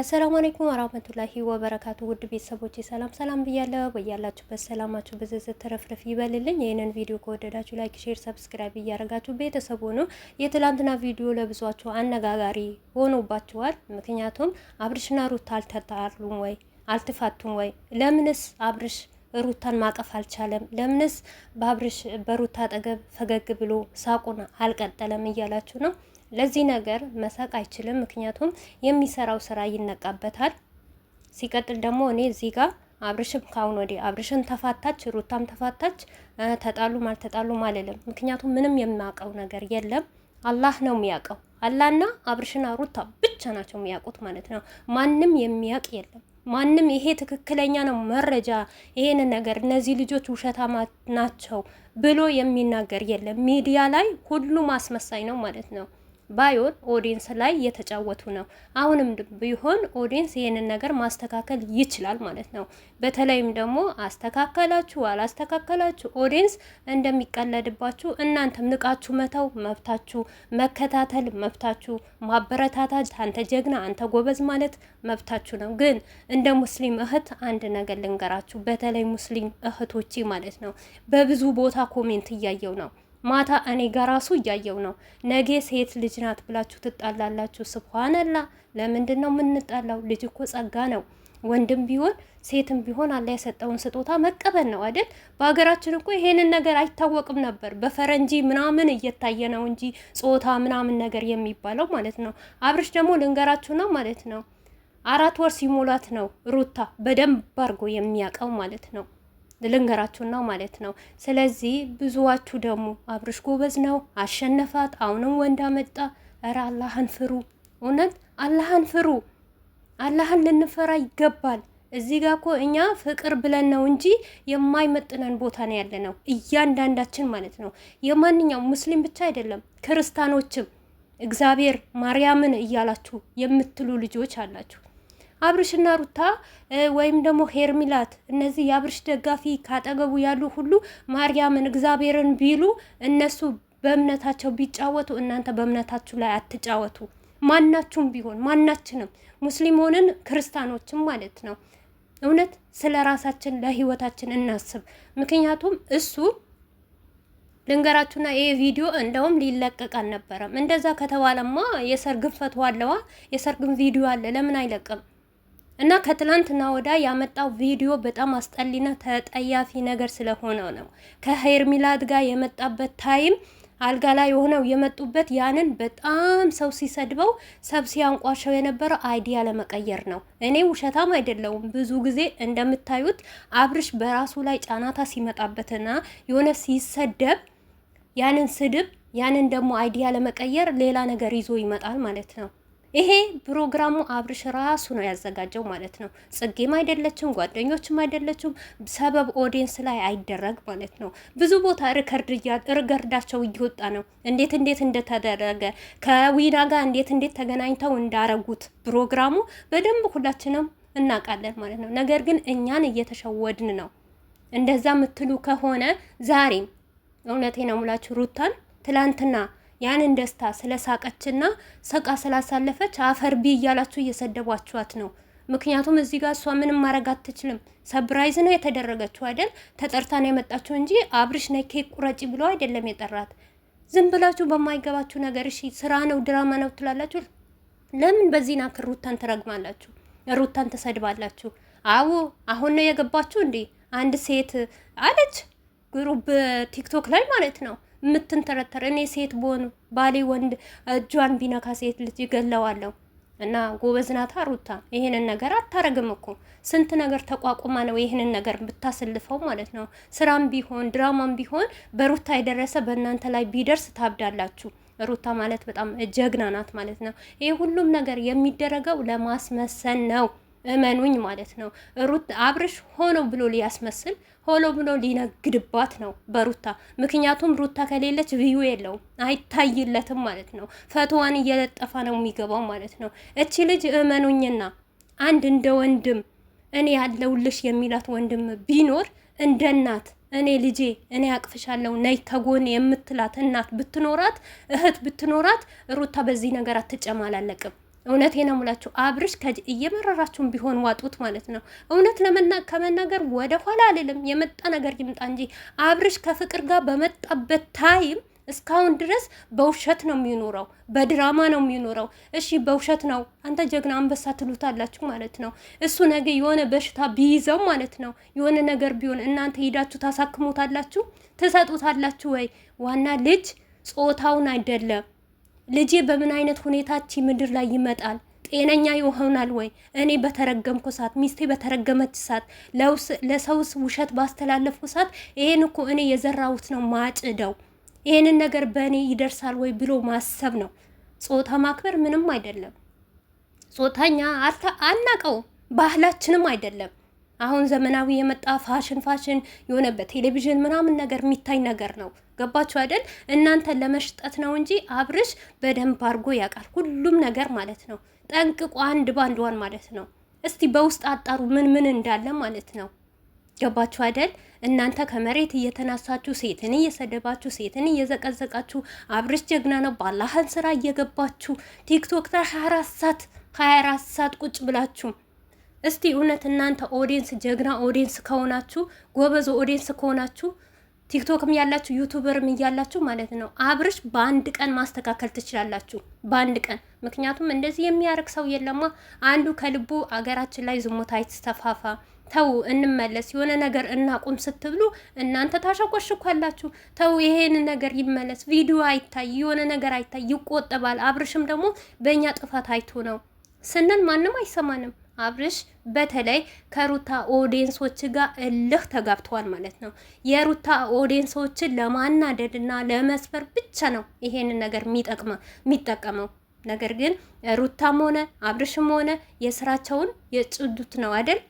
አሰላሙ አለይኩም ወራህመቱላሂ ወበረካቱ ውድ ቤተሰቦች ሰላም ሰላም ብያለሁ። በያላችሁበት ሰላማችሁ ብዝዝት ተረፍረፍ ይበልልኝ። ይህንን ቪዲዮ ከወደዳችሁ ላይክ፣ ሼር፣ ሰብስክራይብ እያደረጋችሁ ቤተሰቡ ነው። የትላንትና ቪዲዮ ለብዙችሁ አነጋጋሪ ሆኖባችኋል። ምክንያቱም አብርሽና ሩታ አልተጣሉም ወይ አልተፋቱም ወይ? ለምንስ አብርሽ ሩታን ማቀፍ አልቻለም? ለምንስ በአብርሽ በሩታ አጠገብ ፈገግ ብሎ ሳቁን አልቀጠለም እያላችሁ ነው ለዚህ ነገር መሳቅ አይችልም። ምክንያቱም የሚሰራው ስራ ይነቃበታል። ሲቀጥል ደግሞ እኔ እዚህ ጋር አብርሽም ካሁን ወዲህ አብርሽን ተፋታች፣ ሩታም ተፋታች፣ ተጣሉም አልተጣሉም አልልም። ምክንያቱም ምንም የሚያውቀው ነገር የለም። አላህ ነው የሚያውቀው። አላህና አብርሽና ሩታ ብቻ ናቸው የሚያውቁት ማለት ነው። ማንም የሚያውቅ የለም። ማንም ይሄ ትክክለኛ ነው መረጃ ይሄን ነገር እነዚህ ልጆች ውሸታማ ናቸው ብሎ የሚናገር የለም። ሚዲያ ላይ ሁሉም አስመሳይ ነው ማለት ነው። ባዮን ኦዲንስ ላይ እየተጫወቱ ነው። አሁንም ቢሆን ኦዲንስ ይህንን ነገር ማስተካከል ይችላል ማለት ነው። በተለይም ደግሞ አስተካከላችሁ አላስተካከላችሁ ኦዲንስ እንደሚቀለድባችሁ እናንተም ንቃችሁ መተው መብታችሁ፣ መከታተል መብታችሁ፣ ማበረታታት አንተ ጀግና አንተ ጎበዝ ማለት መብታችሁ ነው። ግን እንደ ሙስሊም እህት አንድ ነገር ልንገራችሁ፣ በተለይ ሙስሊም እህቶቼ ማለት ነው በብዙ ቦታ ኮሜንት እያየው ነው ማታ እኔ ጋር ራሱ እያየው ነው። ነገ ሴት ልጅ ናት ብላችሁ ትጣላላችሁ። ስብሃነላ ለምንድን ነው የምንጣላው? ልጅ እኮ ጸጋ ነው። ወንድም ቢሆን ሴትም ቢሆን አላ የሰጠውን ስጦታ መቀበል ነው አይደል? በሀገራችን እኮ ይሄንን ነገር አይታወቅም ነበር። በፈረንጂ ምናምን እየታየ ነው እንጂ ጾታ ምናምን ነገር የሚባለው ማለት ነው። አብርሽ ደግሞ ልንገራችሁ ነው ማለት ነው። አራት ወር ሲሞላት ነው ሩታ በደንብ አድርጎ የሚያውቀው ማለት ነው። ልንገራችሁ ነው ማለት ነው። ስለዚህ ብዙዋችሁ ደግሞ አብርሽ ጎበዝ ነው አሸነፋት፣ አሁንም ወንድ አመጣ። እረ አላህን ፍሩ፣ እውነት አላህን ፍሩ። አላህን ልንፈራ ይገባል። እዚህ ጋር እኮ እኛ ፍቅር ብለን ነው እንጂ የማይመጥነን ቦታ ነው ያለ ነው እያንዳንዳችን ማለት ነው። የማንኛውም ሙስሊም ብቻ አይደለም ክርስቲያኖችም እግዚአብሔር ማርያምን እያላችሁ የምትሉ ልጆች አላችሁ። አብርሽና ሩታ ወይም ደግሞ ሄርሚላት እነዚህ የአብርሽ ደጋፊ ካጠገቡ ያሉ ሁሉ ማርያምን እግዚአብሔርን ቢሉ እነሱ በእምነታቸው ቢጫወቱ እናንተ በእምነታችሁ ላይ አትጫወቱ። ማናችሁም ቢሆን ማናችንም ሙስሊም ሆንን ክርስቲያኖችም ማለት ነው። እውነት ስለ ራሳችን ለህይወታችን እናስብ። ምክንያቱም እሱ ልንገራችሁና ይሄ ቪዲዮ እንደውም ሊለቀቅ አልነበረም። እንደዛ ከተባለማ የሰርግን ፈትዋ አለዋ የሰርግን ቪዲዮ አለ፣ ለምን አይለቅም? እና ከትላንትና ወዳ ያመጣው ቪዲዮ በጣም አስጠሊና ተጠያፊ ነገር ስለሆነ ነው። ከሄርሚላድ ጋር የመጣበት ታይም አልጋ ላይ የሆነው የመጡበት ያንን በጣም ሰው ሲሰድበው ሰብ ሲያንቋሸው የነበረ አይዲያ ለመቀየር ነው። እኔ ውሸታም አይደለውም። ብዙ ጊዜ እንደምታዩት አብርሽ በራሱ ላይ ጫናታ ሲመጣበትና የሆነ ሲሰደብ ያንን ስድብ ያንን ደግሞ አይዲያ ለመቀየር ሌላ ነገር ይዞ ይመጣል ማለት ነው። ይሄ ፕሮግራሙ አብርሽ ራሱ ነው ያዘጋጀው ማለት ነው። ጽጌም አይደለችም፣ ጓደኞችም አይደለችም። ሰበብ ኦዲየንስ ላይ አይደረግ ማለት ነው። ብዙ ቦታ ርከርዳቸው እየወጣ ነው። እንዴት እንዴት እንደተደረገ ከዊና ጋር እንዴት እንዴት ተገናኝተው እንዳረጉት ፕሮግራሙ በደንብ ሁላችንም እናውቃለን ማለት ነው። ነገር ግን እኛን እየተሸወድን ነው። እንደዛ የምትሉ ከሆነ ዛሬም እውነቴ ነው ሙላችሁ ሩታን ትላንትና ያንን ደስታ ስለሳቀችና ሰቃ ስላሳለፈች አፈር ቢ እያላችሁ እየሰደቧችኋት ነው። ምክንያቱም እዚህ ጋር እሷ ምንም ማድረግ አትችልም። ሰብራይዝ ነው የተደረገችው አይደል? ተጠርታ ነው የመጣችው እንጂ አብርሽ ነይ ኬክ ቁረጪ ብሎ አይደለም የጠራት። ዝም ብላችሁ በማይገባችሁ ነገር እሺ፣ ስራ ነው ድራማ ነው ትላላችሁ። ለምን በዚህ ናክ ሩታን ትረግማላችሁ? ሩታን ትሰድባላችሁ? አዎ አሁን ነው የገባችሁ እንዴ? አንድ ሴት አለች ግሩፕ ቲክቶክ ላይ ማለት ነው የምትንተረተር እኔ ሴት ብሆን ባሌ ወንድ እጇን ቢነካ ሴት ልጅ ይገለዋለሁ። እና ጎበዝ ናታ ሩታ ይህንን ነገር አታረግም እኮ ስንት ነገር ተቋቁማ ነው ይህንን ነገር ብታሰልፈው ማለት ነው። ስራም ቢሆን ድራማም ቢሆን በሩታ የደረሰ በእናንተ ላይ ቢደርስ ታብዳላችሁ። ሩታ ማለት በጣም ጀግና ናት ማለት ነው። ይህ ሁሉም ነገር የሚደረገው ለማስመሰን ነው። እመኑኝ ማለት ነው። ሩት አብርሽ ሆኖ ብሎ ሊያስመስል ሆኖ ብሎ ሊነግድባት ነው በሩታ ምክንያቱም ሩታ ከሌለች ቪዩ የለውም አይታይለትም ማለት ነው። ፈትዋን እየለጠፈ ነው የሚገባው ማለት ነው። እቺ ልጅ እመኑኝና አንድ እንደ ወንድም እኔ ያለውልሽ የሚላት ወንድም ቢኖር እንደ እናት እኔ ልጄ እኔ አቅፍሻለሁ ነይ ከጎን የምትላት እናት ብትኖራት እህት ብትኖራት ሩታ በዚህ ነገር አትጨማላለቅም። እውነቴ ነው የምላችሁ አብርሽ እየመረራችሁን ቢሆን ዋጡት ማለት ነው። እውነት ከመናገር ወደ ኋላ አልልም። የመጣ ነገር ይምጣ እንጂ አብርሽ ከፍቅር ጋር በመጣበት ታይም እስካሁን ድረስ በውሸት ነው የሚኖረው፣ በድራማ ነው የሚኖረው። እሺ በውሸት ነው አንተ ጀግና አንበሳ ትሉታላችሁ ማለት ነው። እሱ ነገ የሆነ በሽታ ቢይዘው ማለት ነው የሆነ ነገር ቢሆን እናንተ ሄዳችሁ ታሳክሙታላችሁ፣ ትሰጡታላችሁ ወይ? ዋና ልጅ ጾታውን አይደለም ልጄ በምን አይነት ሁኔታች ምድር ላይ ይመጣል? ጤነኛ ይሆናል ወይ? እኔ በተረገምኩ ሰዓት፣ ሚስቴ በተረገመች ሰዓት፣ ለሰውስ ውሸት ባስተላለፍኩ ሰዓት ይሄን እኮ እኔ የዘራሁት ነው ማጭደው፣ ይሄንን ነገር በእኔ ይደርሳል ወይ ብሎ ማሰብ ነው። ጾታ ማክበር ምንም አይደለም። ጾታኛ አናቀው፣ ባህላችንም አይደለም። አሁን ዘመናዊ የመጣ ፋሽን ፋሽን የሆነ በቴሌቪዥን ምናምን ነገር የሚታይ ነገር ነው። ገባችሁ አይደል? እናንተን ለመሽጠት ነው እንጂ አብርሽ በደንብ አድርጎ ያውቃል ሁሉም ነገር ማለት ነው። ጠንቅቆ አንድ ባንድዋን ማለት ነው። እስቲ በውስጥ አጣሩ ምን ምን እንዳለ ማለት ነው። ገባችሁ አይደል? እናንተ ከመሬት እየተናሳችሁ ሴትን እየሰደባችሁ ሴትን እየዘቀዘቃችሁ አብርሽ ጀግና ነው ባላህን ስራ እየገባችሁ ቲክቶክ ላይ ሀያ አራት ሰዓት ሀያ አራት ሰዓት ቁጭ ብላችሁ እስቲ እውነት እናንተ ኦዲንስ ጀግና ኦዲንስ ከሆናችሁ ጎበዝ ኦዲንስ ከሆናችሁ ቲክቶክም ያላችሁ ዩቱበርም እያላችሁ ማለት ነው አብርሽ በአንድ ቀን ማስተካከል ትችላላችሁ። በአንድ ቀን ምክንያቱም እንደዚህ የሚያደርግ ሰው የለማ። አንዱ ከልቡ አገራችን ላይ ዝሙት አይተስፋፋ፣ ተው እንመለስ፣ የሆነ ነገር እናቁም ስትብሉ እናንተ ታሸቆሽኳላችሁ። ተው ይሄን ነገር ይመለስ፣ ቪዲዮ አይታይ፣ የሆነ ነገር አይታይ፣ ይቆጠባል። አብርሽም ደግሞ በእኛ ጥፋት አይቶ ነው ስንል ማንም አይሰማንም። አብርሽ በተለይ ከሩታ ኦዲየንሶች ጋር እልህ ተጋብተዋል ማለት ነው። የሩታ ኦዲየንሶችን ለማናደድ እና ለመስፈር ብቻ ነው ይሄንን ነገር የሚጠቀመው። ነገር ግን ሩታም ሆነ አብርሽም ሆነ የስራቸውን የጭዱት ነው አይደል?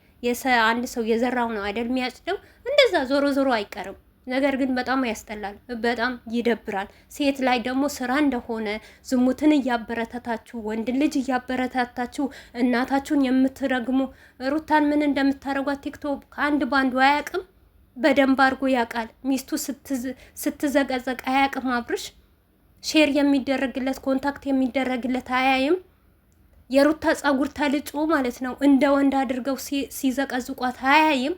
አንድ ሰው የዘራው ነው አይደል? የሚያጭደው እንደዛ ዞሮ ዞሮ አይቀርም። ነገር ግን በጣም ያስጠላል፣ በጣም ይደብራል። ሴት ላይ ደግሞ ስራ እንደሆነ ዝሙትን እያበረታታችሁ ወንድን ልጅ እያበረታታችሁ እናታችሁን የምትረግሙ ሩታን ምን እንደምታደርጓት ቲክቶክ ከአንድ ባንዱ አያቅም፣ በደንብ አድርጎ ያውቃል። ሚስቱ ስትዘቀዘቅ አያቅም። አብርሽ ሼር የሚደረግለት ኮንታክት የሚደረግለት አያይም። የሩታ ጸጉር ተልጮ ማለት ነው እንደ ወንድ አድርገው ሲዘቀዝቋት አያይም።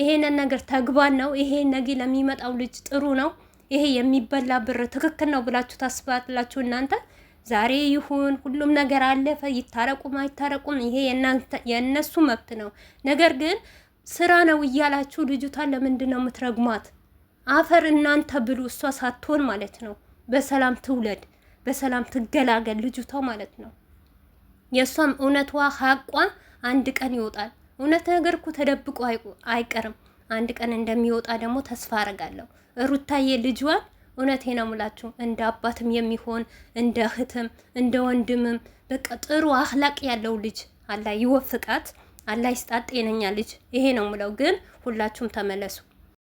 ይሄንን ነገር ተግባን ነው። ይሄ ነገ ለሚመጣው ልጅ ጥሩ ነው። ይሄ የሚበላ ብር ትክክል ነው ብላችሁ ታስባላችሁ እናንተ። ዛሬ ይሁን ሁሉም ነገር አለፈ። ይታረቁም አይታረቁም ይሄ የእነሱ መብት ነው። ነገር ግን ስራ ነው እያላችሁ ልጅቷን ለምንድን ነው የምትረግሟት? አፈር እናንተ ብሉ። እሷ ሳትሆን ማለት ነው። በሰላም ትውለድ፣ በሰላም ትገላገል ልጅቷ ማለት ነው። የእሷም እውነቷ ሀቋ አንድ ቀን ይወጣል። እውነት ነገር እኮ ተደብቆ አይቀርም። አንድ ቀን እንደሚወጣ ደግሞ ተስፋ አረጋለሁ። ሩታዬ ልጇን እውነቴ ነው ሙላችሁ እንደ አባትም የሚሆን እንደ እህትም እንደ ወንድምም በቃ ጥሩ አህላቅ ያለው ልጅ አላ ይወፍቃት፣ አላ ይስጣት ጤነኛ ልጅ። ይሄ ነው ምለው ግን ሁላችሁም ተመለሱ።